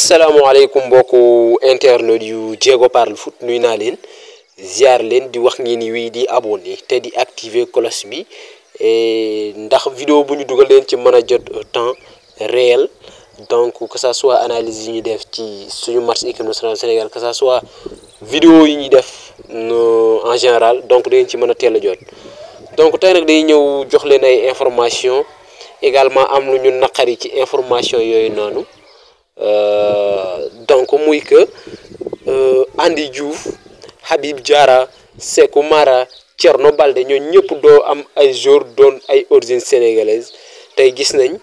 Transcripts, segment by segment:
alaykum à internet yu Diego Parle Foot nuy ziar leen di wax di abonné di activer cloche bi vidéo bu ñu leen ci temps réel donc que ça soit analyse yi def ci suñu match que ça soit vidéo en général donc da ci donc jox leen information également am information euh, donc muy que euh, Andy Diouf Habib Diara Sekou Mara Thierno Balde ñoo ñëpp am ay joueurs doon ay origine sénégalaise tay gis nañ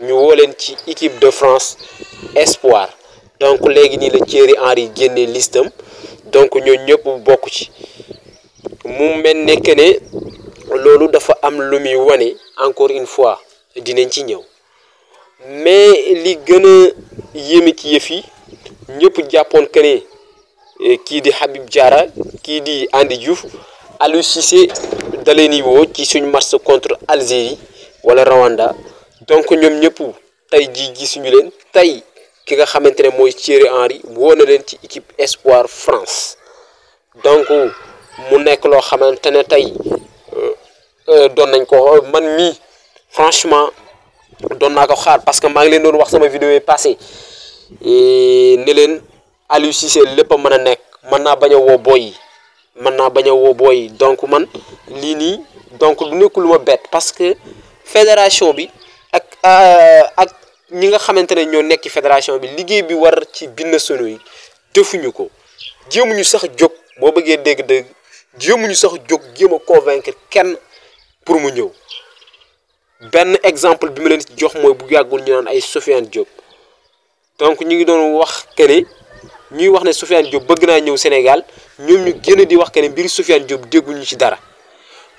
ñu wolen ci équipe de France espoir donc légui ni le Thierry Henry génné listam donc ñoo ñëpp bokku ci mu melne que ne dafa am lu muy wane encore une fois dinañ ci ñëw mais li qui est ci yëfi ñëpp japon que eh, ki di Habib Diarra qui di Andy Diouf Cissé dans ci suñu contre Algérie wala Rwanda donc ñom ñëpp tey len tay ki nga xamantene ne Thierry Henry équipe espoir France donc mu nekk lo xamantene tay euh, euh don nañ euh, franchement. doon naa ko xaar parce que maa ngi leen doon wax sama vidéo yi passé ne leen Aliou Cissé lépp a mën a nekk mën naa bañ a woo booy yi mën naa bañ a woo booy donc man lii nii donc lu nekkul lu ma bett parce que fédération bi ak euh, ak ñi nga xamante ne ñoo nekk fédération bi liggéey bi war ci binationaux yi defuñu ko jéemuñu sax jóg boo bëggee dégg-dégg jéemuñu sax jóg jéem a convaincre kenn pour mu ñëw. ben exemple bi ma leen ci jox mooy bu yàggul ñu naan ay Sofiane Diop donc ñu ngi doon wax que ni ñuy wax ne Sofiane Diop bëgg naa ñëw Sénégal ñoom ñu génn di wax que ne mbiri Sofiane Diop ñu ci dara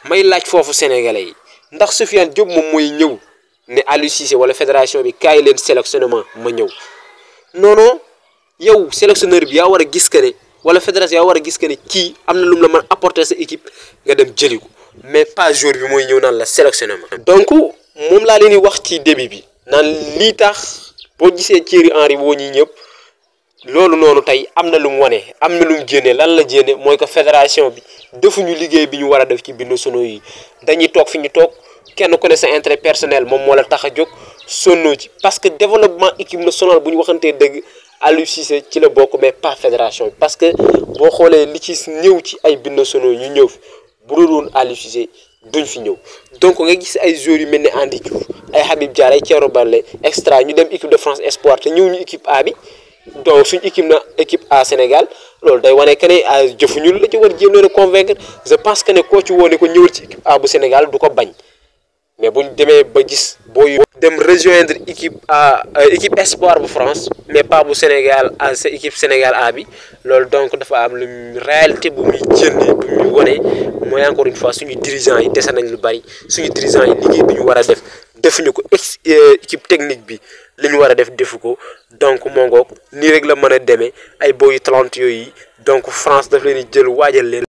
may laaj foofu sénégalais yi ndax Sofiane Diop moom mooy ñëw ne Aliou Cissé wala fédération bi kaay leen sélectionnement ma ñëw non non yow sélectionneur bi yaa war a gis que ne wala fédération yaa war a gis que ne kii am na lu mu la mën apporter sa équipe nga dem jëli ko mais pas jour bi mooy ñëw naan la sélectionnement donc mom la leni wax ci début bi nan li tax bo gisee Thierry Henry woo ñi ñëpp lolu nonu tay amna lu mu wone amna lu mu jéene lan la jéene moy ko fédération bi defuñu liggéey bi ñu wara def ci sono yi dañuy tok fi ñu tok kenn ku ne sa intérêt personnel mom mo la tax a jóg ci parce que développement équipe nationale bu ñu waxante deug Aliou Cissé ci la bokk mais pas fédération parce que bo xolé li ci ñëw ci ay sono yu ñëw bu dul woon Cissé duñ fi ñëw donc nga gis ay joueurs yu mel ni Andy Diouf ay Habib Diarra ay Thierno Bale extra ñu dem équipe de France espoir te ñëw ñu équipe A bi donc suñ équipe na équipe A Sénégal loolu day wane que ne ah, jëfuñu la ci war jéem leen a convaincre je pense que ne koo ci woone ko ñëwal ci équipe A bu Sénégal du ko bañ. mais bu ñu demee ba gis booy dem rejoindre équipe A euh, équipe espoir bu France mais pas bu Sénégal A sa équipe Sénégal A bi loolu donc dafa am lu réalité bu muy jëndee bu muy wone mooy encore une fois suñu dirigeants yi dese nañ lu bari suñu dirigeants yi liggéey bi ñu war a def defuñu ko ex euh, équipe technique bi li ñu war a def defu ko donc moo ngoog nii rek la mën a demee ay booyu talent yooyu donc France daf leen di jël waajal leen.